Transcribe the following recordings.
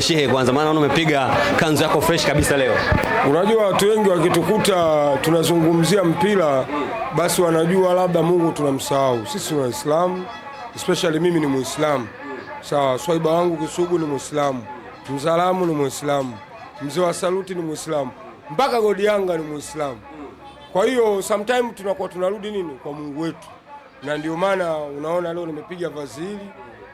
shehe kwanza, maana naona umepiga kanzu yako fresh kabisa leo. Unajua watu wengi wakitukuta tunazungumzia mpira basi wanajua labda Mungu tunamsahau. Sisi ni Waislamu, especially mimi ni Muislamu. Sawa, swaiba wangu Kisugu ni Muislamu, Mzalamu ni Muislamu, mzee wa Saluti ni Muislamu, mpaka Godi Yanga ni Muislamu. Kwa hiyo sometimes tunakuwa tunarudi nini kwa Mungu wetu, na ndio maana unaona leo nimepiga vazi hili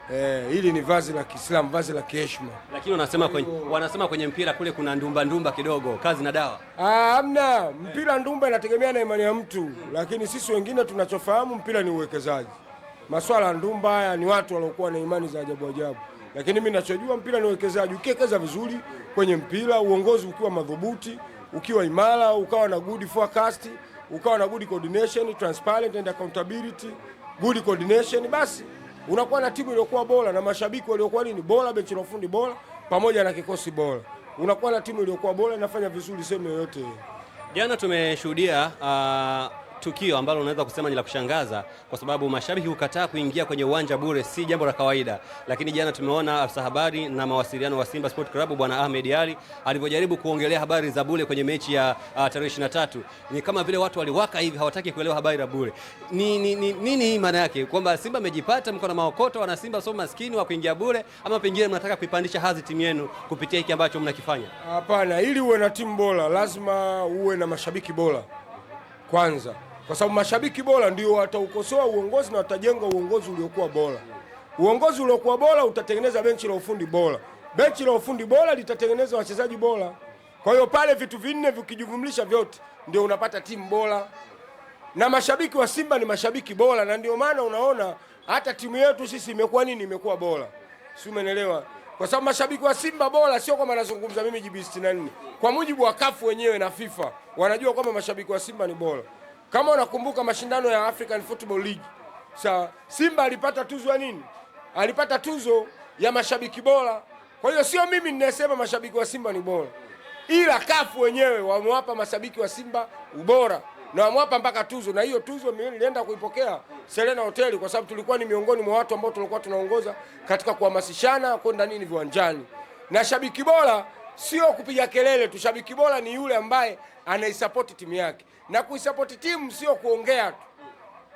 Eh, hili ni vazi la Kiislamu, vazi la kiheshima. Lakini wanasema kwenye, wanasema kwenye mpira kule kuna ndumba ndumba kidogo, kazi na dawa. Ah, hamna mpira ndumba, inategemea na imani ya mtu hmm. Lakini sisi wengine tunachofahamu mpira ni uwekezaji. Maswala ya ndumba haya ni watu waliokuwa na imani za ajabu ajabu, lakini mimi ninachojua mpira ni uwekezaji. Ukiwekeza vizuri kwenye mpira, uongozi ukiwa madhubuti, ukiwa imara, ukawa na good forecast, ukawa na good coordination, transparent and accountability, good coordination, basi unakuwa na timu iliyokuwa bora na mashabiki waliokuwa nini bora, benchi la ufundi bora, pamoja na kikosi bora, unakuwa na timu iliyokuwa bora inafanya vizuri sehemu yoyote. Jana tumeshuhudia uh, tukio ambalo unaweza kusema ni la kushangaza, kwa sababu mashabiki hukataa kuingia kwenye uwanja bure, si jambo la kawaida. Lakini jana tumeona afisa habari na mawasiliano wa Simba Sport Club Bwana Ahmed Ali alivyojaribu kuongelea habari za bure kwenye mechi ya uh, tarehe 23 ni kama vile watu waliwaka hivi, hawataki kuelewa habari za bure. Ni nini hii? maana yake kwamba Simba amejipata mko na maokoto wana Simba sio maskini wa kuingia bure, ama pengine mnataka kuipandisha hadhi timu yenu kupitia hiki ambacho mnakifanya? Hapana, ili uwe na timu bora lazima uwe na mashabiki bora kwanza kwa sababu mashabiki bora ndio wataukosoa uongozi na watajenga uongozi uliokuwa bora. Uongozi uliokuwa bora utatengeneza benchi la ufundi bora, benchi la ufundi bora litatengeneza wachezaji bora. Kwa hiyo pale vitu vinne vikijumlisha vyote ndio unapata timu bora, na mashabiki wa Simba ni mashabiki bora, na ndio maana unaona hata timu yetu sisi imekuwa nini, imekuwa bora, si umeelewa? Kwa sababu mashabiki wa Simba bora sio kwamba nazungumza mimi jibu 64 kwa mujibu wa kafu wenyewe na FIFA wanajua kwamba mashabiki wa Simba ni bora. Kama unakumbuka mashindano ya African Football League, sa Simba alipata tuzo ya nini? Alipata tuzo ya mashabiki bora. Kwa hiyo sio mimi ninayesema mashabiki wa Simba ni bora, ila kafu wenyewe wamewapa mashabiki wa Simba ubora na wamewapa mpaka tuzo, na hiyo tuzo mimi nilienda kuipokea Serena Hoteli kwa sababu tulikuwa ni miongoni mwa watu ambao tulikuwa tunaongoza katika kuhamasishana kwenda nini viwanjani. Na shabiki bora sio kupiga kelele tu, shabiki bora ni yule ambaye anaisapoti timu yake na kuisapoti timu sio kuongea tu,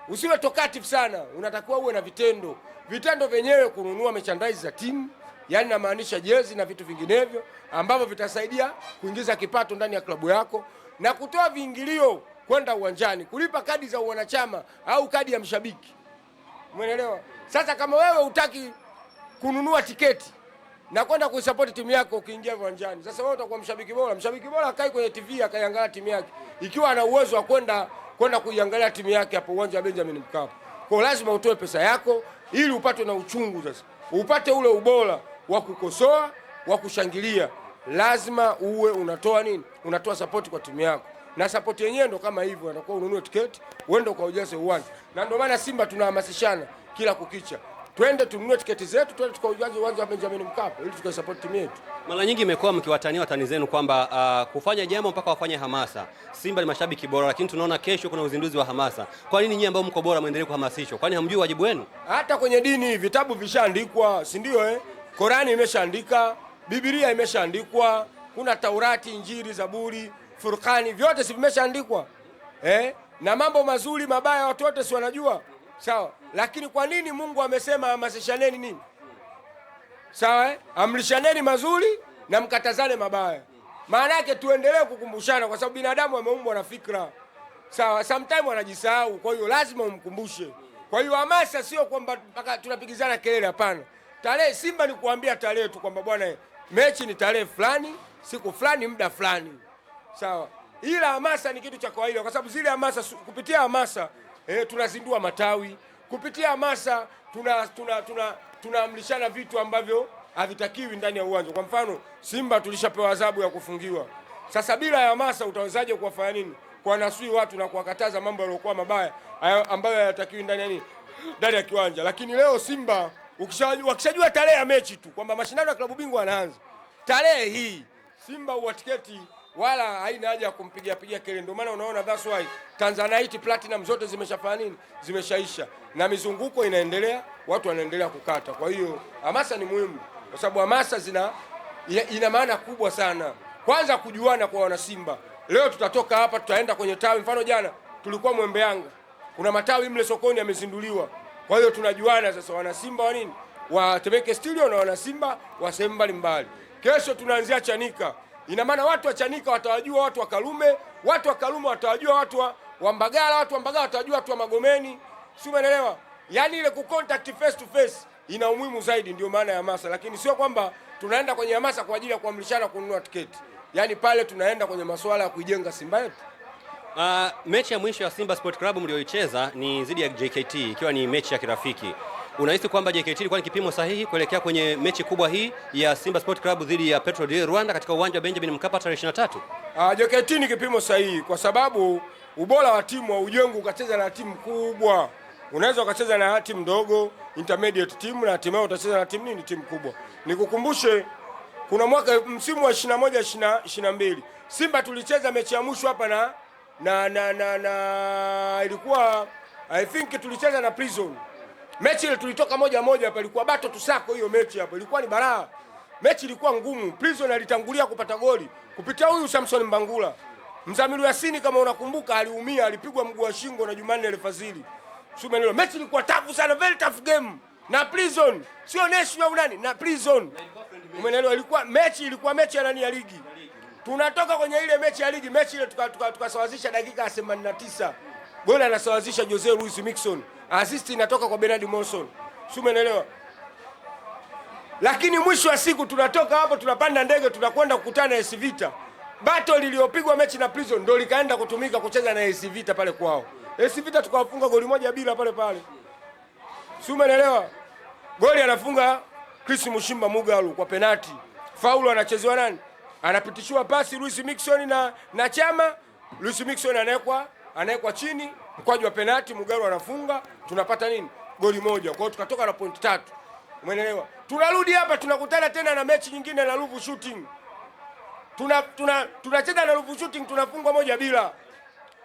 usiwe talkative sana, unatakiwa uwe na vitendo. Vitendo vyenyewe kununua merchandise za timu, yani namaanisha jezi na vitu vinginevyo ambavyo vitasaidia kuingiza kipato ndani ya klabu yako na kutoa viingilio kwenda uwanjani, kulipa kadi za wanachama au kadi ya mshabiki. Umeelewa? Sasa kama wewe hutaki kununua tiketi na kwenda kuisapoti timu yako ukiingia viwanjani. Sasa wewe utakuwa mshabiki bora. Mshabiki bora akai kwenye TV akaiangalia timu yake, ikiwa ana uwezo wa kwenda kwenda kuiangalia timu yake hapo uwanja wa Benjamin Mkapa. Kwa lazima utoe pesa yako ili upate na uchungu, sasa upate ule ubora wa kukosoa, wa kushangilia. Lazima uwe unatoa nini, unatoa support kwa timu yako na support yenyewe ndo kama hivyo, anakuwa ununue tiketi uende kwa ujaze uwanja, na ndio maana Simba tunahamasishana kila kukicha twende tununue tiketi zetu, twende tukaujaze uwanja wa Benjamin Mkapa ili tukaisapoti timu yetu. Mara nyingi imekuwa mkiwatania watani zenu kwamba uh, kufanya jambo mpaka wafanye hamasa. Simba ni mashabiki bora, lakini tunaona kesho kuna uzinduzi wa hamasa. Kwa nini nyinyi ambao mko bora mwendelee kuhamasishwa? Kwani hamjui wajibu wenu? Hata kwenye dini vitabu vishaandikwa, si ndio? Eh, Korani imeshaandika, Biblia imeshaandikwa, kuna Taurati, Injili, Zaburi, Furkani, vyote si vimeshaandikwa eh? na mambo mazuri mabaya watu wote si wanajua sawa. Lakini kwa nini Mungu amesema hamasishaneni nini? Sawa, eh? mazuri na mkatazane mabaya. Maana yake tuendelee kukumbushana, kwa sababu binadamu ameumbwa na fikra sawa, sometimes wanajisahau, Kwa hiyo lazima umkumbushe. Kwa hiyo hamasa sio kwamba mpaka tunapigizana kelele, hapana. Tarehe Simba ni kuambia tarehe tu kwamba bwana, mechi ni tarehe fulani, siku fulani, muda fulani, sawa. Ila hamasa ni kitu cha kawaida, kwa sababu zile hamasa, kupitia hamasa eh, tunazindua matawi kupitia hamasa, tunaamlishana tuna, tuna, tuna vitu ambavyo havitakiwi ndani ya uwanja. Kwa mfano, Simba tulishapewa adhabu ya kufungiwa. Sasa bila ya hamasa utawezaje kuwafanya nini, kuwanasui watu na kuwakataza mambo yaliokuwa mabaya ambayo hayatakiwi ndani ya nini, ndani ya kiwanja. Lakini leo Simba wakishajua tarehe ya mechi tu kwamba mashindano ya klabu bingwa yanaanza tarehe hii, Simba uwa tiketi wala haina haja ya kumpigia piga kelele. Ndio maana unaona that's why Tanzanite platinum zote zimeshafanya nini, zimeshaisha na mizunguko inaendelea, watu wanaendelea kukata. Kwa hiyo hamasa ni muhimu, kwa sababu hamasa zina ina maana kubwa sana. Kwanza kujuana kwa wanasimba, leo tutatoka hapa tutaenda kwenye tawi. Mfano jana tulikuwa Mwembe Yanga, kuna matawi mle sokoni yamezinduliwa, kwa hiyo tunajuana sasa, wanasimba wa nini wa Temeke Studio na wanasimba wa sehemu mbalimbali. Kesho tunaanzia Chanika. Ina maana watu wa Chanika watawajua watu wa Karume, watu wa Kalume watawajua watu wa Mbagala, watu wa Mbagala watawajua watu wa Magomeni, si umeelewa? Yaani ile kucontact face to face ina umuhimu zaidi, ndio maana ya hamasa, lakini sio kwamba tunaenda kwenye hamasa kwa ajili ya kuamrishana kununua tiketi. Yaani pale tunaenda kwenye masuala ya kuijenga Simba yetu. Uh, mechi ya mwisho ya Simba Sport Club mlioicheza ni dhidi ya JKT ikiwa ni mechi ya kirafiki. Unahisi kwamba JKT ilikuwa ni kipimo sahihi kuelekea kwenye mechi kubwa hii ya Simba Sport Club dhidi ya Petro de Rwanda katika uwanja wa Benjamin Mkapa tarehe 23? Ah, JKT ni kipimo sahihi kwa sababu ubora wa timu wa ujengo ukacheza na timu kubwa. Unaweza ukacheza na timu ndogo, intermediate timu na hatimaye utacheza na timu nini, timu kubwa. Nikukumbushe kuna mwaka msimu wa 21 22 Simba tulicheza mechi ya mwisho hapa na na, na na na ilikuwa I think tulicheza na Prison Mechi ile tulitoka moja moja, hapa, ilikuwa bato tusako. Hiyo mechi hapo ilikuwa ni balaa, mechi ilikuwa ngumu. Prison alitangulia kupata goli kupitia huyu Samson Mbangula. Mzamiru Yasini kama unakumbuka, aliumia, alipigwa mguu wa shingo na Jumanne Sume nilo. mechi ilikuwa tafu sana, very tough game na Prison, sio neshi au nani na Prison. Umeelewa? Ilikuwa mechi ilikuwa mechi ya nani ya ligi. Tunatoka kwenye ile mechi ya ligi, mechi ile tukasawazisha tuka, tuka, tuka dakika ya 89. Goli anasawazisha Jose Luis Mixon assist inatoka kwa Bernard Monson, si umeelewa? Lakini mwisho wa siku tunatoka hapo, tunapanda ndege, tunakwenda kukutana na AS Vita. Battle iliyopigwa mechi na Prison ndio likaenda kutumika kucheza na AS Vita pale kwao. AS Vita tukawafunga goli moja bila pale pale, si umeelewa? Goli anafunga Chris Mushimba Mugalu kwa penati, faulu anachezewa nani? Anapitishiwa pasi Luis Mixon na na Chama. Luis Mixon anawekwa anawekwa chini mkwaju wa penati, Mugaru anafunga, tunapata nini? Goli moja. Kwa hiyo tukatoka na point tatu, umeelewa? Tunarudi hapa tunakutana tena na mechi nyingine na Ruvu Shooting, tuna tunacheza tuna, tuna na Ruvu Shooting tunafungwa moja bila,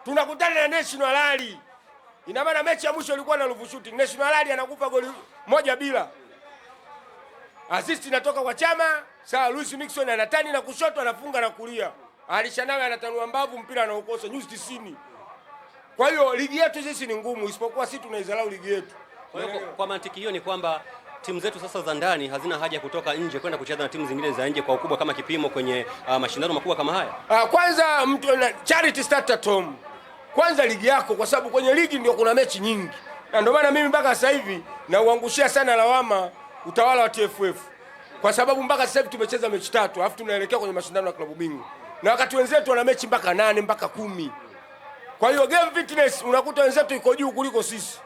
tunakutana na National Rally. Ina maana mechi ya mwisho ilikuwa na Ruvu Shooting, National Rally anakupa goli moja bila Assist inatoka kwa Chama. Sasa Luis Mixon anatani na kushoto, anafunga na kulia. Alishanawe nawe anatanua mbavu, mpira anaokosa nyuzi 90. Kwa hiyo ligi yetu sisi ni ngumu, isipokuwa sisi tunaidharau ligi yetu. Kwa hiyo kwa mantiki hiyo ni kwamba timu zetu sasa za ndani hazina haja ya kutoka nje kwenda kucheza na timu zingine za nje kwa ukubwa kama kipimo kwenye uh, mashindano makubwa kama haya. Uh, kwanza mtu, charity start at home. Kwanza ligi yako, kwa sababu kwenye ligi ndio kuna mechi nyingi, na ndio maana mimi mpaka sasa hivi nauangushia sana lawama utawala wa TFF kwa sababu mpaka sasa hivi tumecheza mechi tatu, alafu tunaelekea kwenye mashindano ya klabu bingwa, na wakati wenzetu wana mechi mpaka nane mpaka kumi. Kwa hiyo game fitness unakuta wenzetu iko juu kuliko sisi,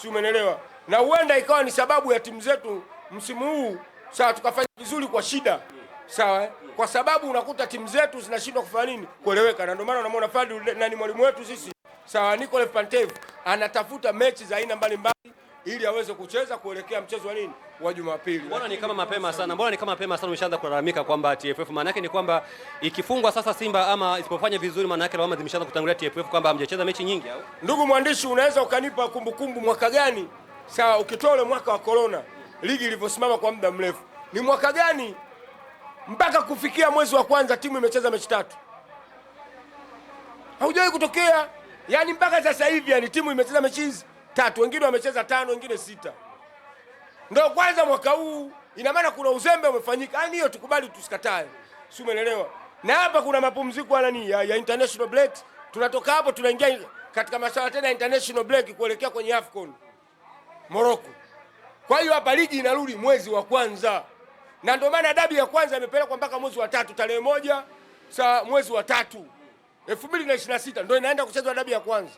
si umeelewa? Na huenda ikawa ni sababu ya timu zetu msimu huu sawa, tukafanya vizuri kwa shida sawa, eh? kwa sababu unakuta timu zetu zinashindwa kufanya nini, kueleweka. Na ndio maana unamwona Fadlu nani, mwalimu wetu sisi sawa, nicole Pantev anatafuta mechi za aina mbalimbali ili aweze kucheza kuelekea mchezo wa nini wa Jumapili. Mbona ni kama mapema sana, mbona ni kama mapema sana umeshaanza kulalamika kwamba TFF, maana yake ni kwamba ikifungwa sasa Simba ama isipofanya vizuri, maana yake lawama zimeshaanza kutangulia TFF kwamba hamjacheza mechi nyingi. Au ndugu mwandishi, unaweza ukanipa kumbukumbu mwaka gani? Sawa, ukitoa ule mwaka wa corona, ligi ilivyosimama kwa muda mrefu, ni mwaka gani mpaka kufikia mwezi wa kwanza timu imecheza mechi tatu? Haujawahi kutokea, yaani mpaka sasa hivi, yani timu imecheza mechi hizi tatu, wengine wamecheza tano, wengine sita. Ndio kwanza mwaka huu, ina maana kuna uzembe umefanyika. Yaani hiyo tukubali, tusikatae, si umeelewa? Na hapa kuna mapumziko ya nani ya, ya international break. Tunatoka hapo tunaingia katika masuala tena international break kuelekea kwenye AFCON Morocco. Kwa hiyo hapa ligi inarudi mwezi wa kwanza, na ndio maana dabi ya kwanza imepelekwa mpaka mwezi wa tatu, tarehe moja sa mwezi wa tatu 2026 ndio inaenda kuchezwa dabi ya kwanza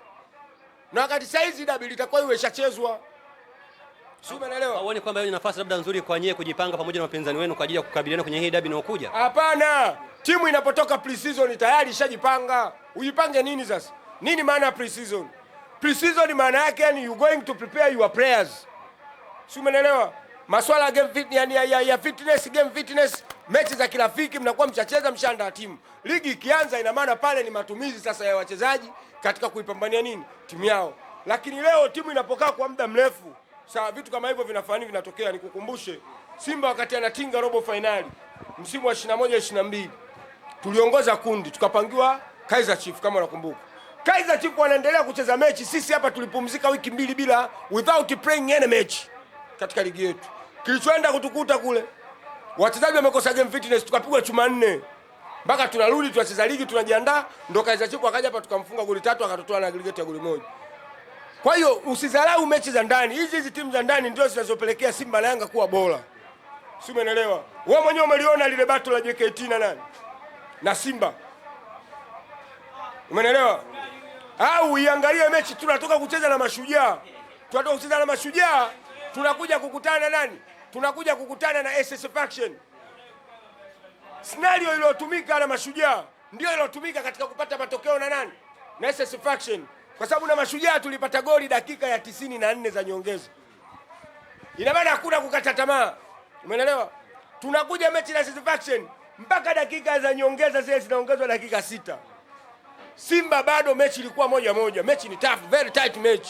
na wakati saizi dabi litakuwa iwe ishachezwa, si umeelewa? Hauoni kwamba hiyo ni nafasi labda nzuri kwa nyie kujipanga pamoja na wapinzani wenu kwa ajili ya kukabiliana kwenye hii dabi inayokuja? Hapana, timu inapotoka pre-season tayari ishajipanga. Ujipange nini sasa? Nini maana ya pre-season? Pre-season maana yake ni you going to prepare your players, si umeelewa? Masuala ya game fit, ya, ya, ya fitness, game fitness, mechi za kirafiki mnakuwa mchacheza mshanda timu ligi ikianza, ina maana pale ni matumizi sasa ya wachezaji katika kuipambania nini timu yao. Lakini leo timu inapokaa kwa muda mrefu, sawa, vitu kama hivyo vinafanyika, vinatokea. Nikukumbushe Simba wakati anatinga robo fainali msimu wa 21 22, tuliongoza kundi tukapangiwa Kaizer Chiefs, kama unakumbuka Kaizer Chiefs wanaendelea kucheza mechi, sisi hapa tulipumzika wiki mbili bila without playing any match katika ligi yetu. Kilichoenda kutukuta kule, wachezaji wamekosa game fitness, tukapigwa chuma nne mpaka tunarudi tunacheza ligi tunajiandaa, ndo kaiza chiko akaja hapa tukamfunga goli tatu akatotoa na aggregate ya goli moja. Kwa hiyo usidharau mechi za ndani hizi, hizi timu za ndani ndio zinazopelekea Simba na Yanga kuwa bora, si umeelewa? Wewe mwenyewe umeliona lile bato la JKT na nani na Simba, umeelewa? Au iangalie mechi, tunatoka kucheza na Mashujaa, tunatoka kucheza na Mashujaa, tunakuja kukutana nani? Tunakuja kukutana na SS Faction. Scenario iliyotumika na mashujaa ndio iliyotumika katika kupata matokeo na nani na faction, kwa sababu na mashujaa tulipata goli dakika ya tisini na nne za nyongeza. Ina maana hakuna kukata tamaa, umeelewa? Tunakuja mechi na faction mpaka dakika za nyongeza zile zinaongezwa dakika sita. Simba bado mechi ilikuwa moja moja, mechi ni tough, very tight match,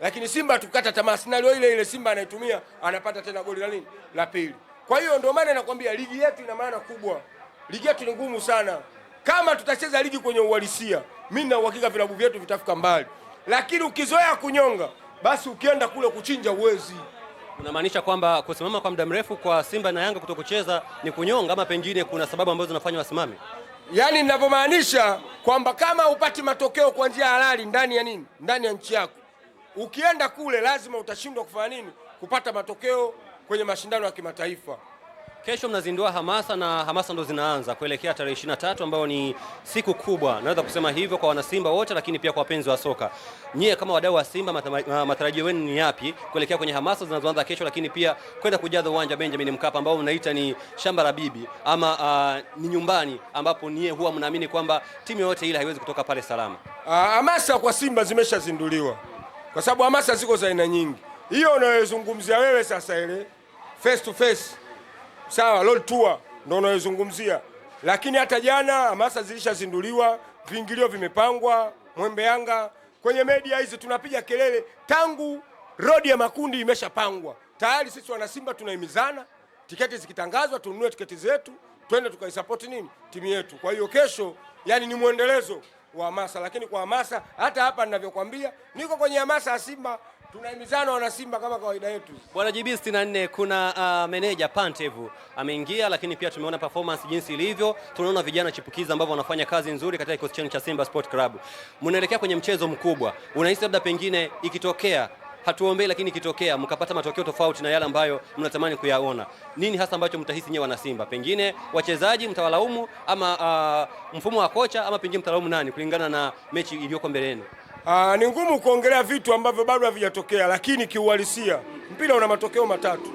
lakini Simba tukata tamaa. Scenario ile ile Simba anaitumia, anapata tena goli la nini la pili. Kwa hiyo ndio maana nakwambia ligi yetu ina maana kubwa, ligi yetu ni ngumu sana. Kama tutacheza ligi kwenye uhalisia, mimi na uhakika vilabu vyetu vitafika mbali, lakini ukizoea kunyonga, basi ukienda kule kuchinja uwezi. Unamaanisha kwamba kusimama kwa muda mrefu kwa Simba na Yanga kutokucheza ni kunyonga, ama pengine kuna sababu ambazo zinafanya wasimame? Yaani ninavyomaanisha kwamba kama upati matokeo kwa njia halali ndani ya nini, ndani ya nchi yako, ukienda kule lazima utashindwa kufanya nini, kupata matokeo kwenye mashindano ya kimataifa. Kesho mnazindua hamasa na hamasa ndo zinaanza kuelekea tarehe 23 ambayo ni siku kubwa, naweza kusema hivyo kwa wanasimba wote, lakini pia kwa wapenzi wa soka. Nyie kama wadau wa Simba, matarajio yenu ni yapi kuelekea kwenye hamasa zinazoanza kesho, lakini pia kwenda kujaza uwanja Benjamin Mkapa ambao mnaita ni shamba la bibi ama uh, ni nyumbani ambapo nyie huwa mnaamini kwamba timu yoyote ile haiwezi kutoka pale salama? Ah, hamasa kwa Simba zimeshazinduliwa kwa sababu hamasa ziko za aina nyingi. Hiyo unayozungumzia wewe sasa ile face to face, sawa, road tour ndio unayozungumzia, lakini hata jana hamasa zilishazinduliwa, viingilio vimepangwa, mwembe Yanga kwenye media hizi tunapiga kelele tangu rodi ya makundi imeshapangwa tayari. Sisi wanasimba tunahimizana, tiketi zikitangazwa tununue tiketi zetu, twende tukaisapoti nini timu yetu. Kwa hiyo kesho, yani ni mwendelezo wa hamasa, lakini kwa hamasa hata hapa ninavyokwambia, niko kwenye hamasa ya Simba tunaimizana wana Simba kama kawaida yetu. Bwana JB 64 kuna uh, meneja Pantevu ameingia, lakini pia tumeona performance jinsi ilivyo, tunaona vijana chipukizi ambao wanafanya kazi nzuri katika kikosi chenu cha Simba Sport Club. Mnaelekea kwenye mchezo mkubwa, unahisi labda pengine ikitokea hatuombei, lakini ikitokea mkapata matokeo tofauti na yale ambayo mnatamani kuyaona, nini hasa ambacho mtahisi nyewe wana Simba? Pengine wachezaji mtawalaumu ama uh, mfumo wa kocha ama pengine mtalaumu nani kulingana na mechi iliyoko mbele yenu? Aa, ah, ni ngumu kuongelea vitu ambavyo bado havijatokea, lakini kiuhalisia mpira una matokeo matatu,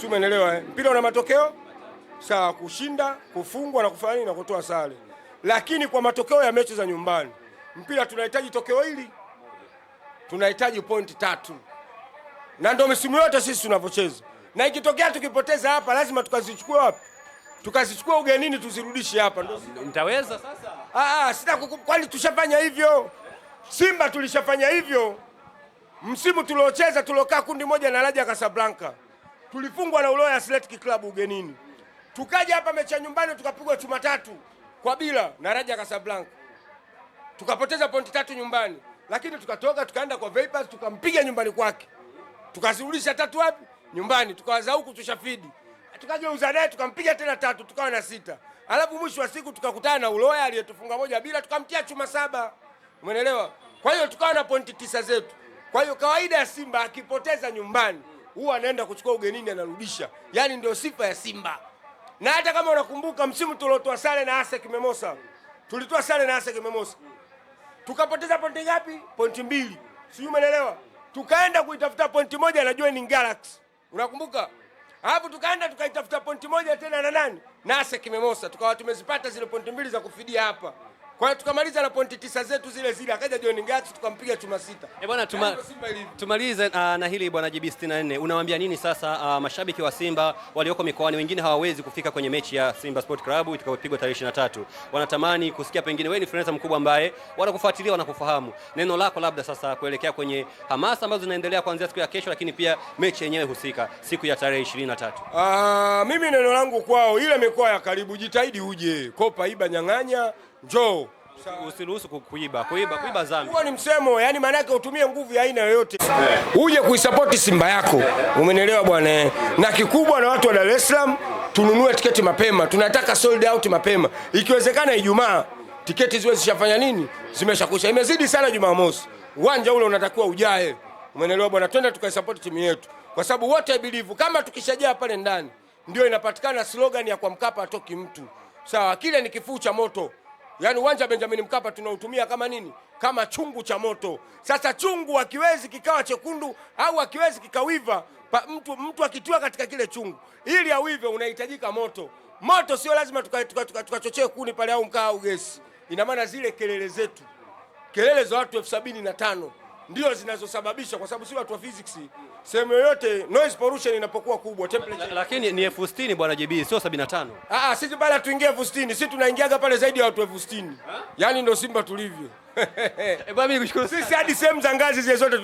si umeelewa eh? Mpira una matokeo sawa, kushinda, kufungwa na kufanya nini na kutoa sare. Lakini kwa matokeo ya mechi za nyumbani, mpira tunahitaji tokeo hili, tunahitaji pointi tatu, na ndio misimu yote sisi tunavyocheza, na ikitokea tukipoteza hapa, lazima tukazichukua wapi? Tukazichukua ugenini, tuzirudishe hapa. Ndio nitaweza sasa? Ah, ah, sita kwani tushafanya hivyo. Simba tulishafanya hivyo msimu tuliocheza, tuliokaa kundi moja na Raja Casablanca, tulifungwa na Uloya Athletic Club ugenini, tukaja hapa mechi ya nyumbani tukapigwa chuma tatu kwa bila na Raja Casablanca, tukapoteza pointi tatu nyumbani, lakini tukatoka tukaenda kwa Vipers tukampiga nyumbani kwake, tukazirudisha tatu wapi? Nyumbani, tukawaza huku tushafidi, tukageuza naye tukampiga tena tatu, tukawa na sita, alafu mwisho wa siku tukakutana na Uloya aliyetufunga moja bila, tukamtia chuma saba. Umeelewa? Kwa hiyo tukawa na pointi tisa zetu. Kwa hiyo kawaida ya Simba akipoteza nyumbani huwa anaenda kuchukua ugenini anarudisha, yaani ndio sifa ya Simba. Na hata kama unakumbuka msimu tuliotoa sare na ASEC Mimosas, tulitoa sare na ASEC Mimosas tukapoteza pointi ngapi? Pointi mbili, sijui umeelewa. Tukaenda kuitafuta pointi moja na Joining Galaxy, unakumbuka? Alafu tukaenda tukaitafuta pointi moja tena na nani, na ASEC Mimosas, tukawa tumezipata zile pointi mbili za kufidia hapa. Kwa hiyo tukamaliza na pointi tisa zetu zile zile, akaja John Ngati tukampiga chuma sita. Eh bwana, tuma, yaani tumalize uh, na hili bwana JB 64 unawaambia nini sasa uh, mashabiki wa Simba walioko mikoani wengine hawawezi kufika kwenye mechi ya Simba Sport Club itakayopigwa tarehe 23. Wanatamani kusikia pengine wewe ni influencer mkubwa ambaye wanakufuatilia wanakufahamu, neno lako labda sasa kuelekea kwenye hamasa ambazo zinaendelea kuanzia siku ya kesho, lakini pia mechi yenyewe husika siku ya tarehe 23. Ah, mimi neno langu kwao, ile mikoa ya karibu jitahidi uje Kopa Iba nyang'anya njoo usiruhusu kuiba. Kuiba kuiba dhambi. Huo ni msemo, yani maana yake utumie nguvu ya aina yoyote uje kuisapoti Simba yako, umenielewa bwana? Eh? Na kikubwa na watu wa Dar es Salaam, tununue tiketi mapema, tunataka sold out mapema, ikiwezekana Ijumaa tiketi ziwe zishafanya nini, zimeshakwisha. Imezidi sana Jumamosi, uwanja ule unatakiwa ujae, umeelewa bwana? Twende tukaisapoti timu yetu, kwa sababu wote I believe kama tukishajaa pale ndani, ndio inapatikana slogan ya kwa Mkapa atoki mtu. Sawa, kile ni kifuu cha moto yaani uwanja wa Benjamin Mkapa tunautumia kama nini? Kama chungu cha moto. Sasa chungu akiwezi kikawa chekundu au akiwezi kikawiva pa, mtu, mtu akitua katika kile chungu ili awive unahitajika moto. Moto sio lazima tukachochee tuka, tuka, tuka kuni pale au mkaa au gesi. Ina maana zile kelele zetu kelele za watu elfu sabini na tano ndio zinazosababisha, kwa sababu si watu wa physics, sehemu yoyote noise pollution inapokuwa kubwa temperature. Lakini ni elfu sitini bwana JB, sio 75. Ah, ah, sisi bado tuingie elfu sitini, sisi tunaingiaga pale zaidi ya watu elfu sitini. Yaani ndio Simba tulivyo. Eh, bwana mimi nikushukuru. Sisi hadi sehemu za ngazi zile zote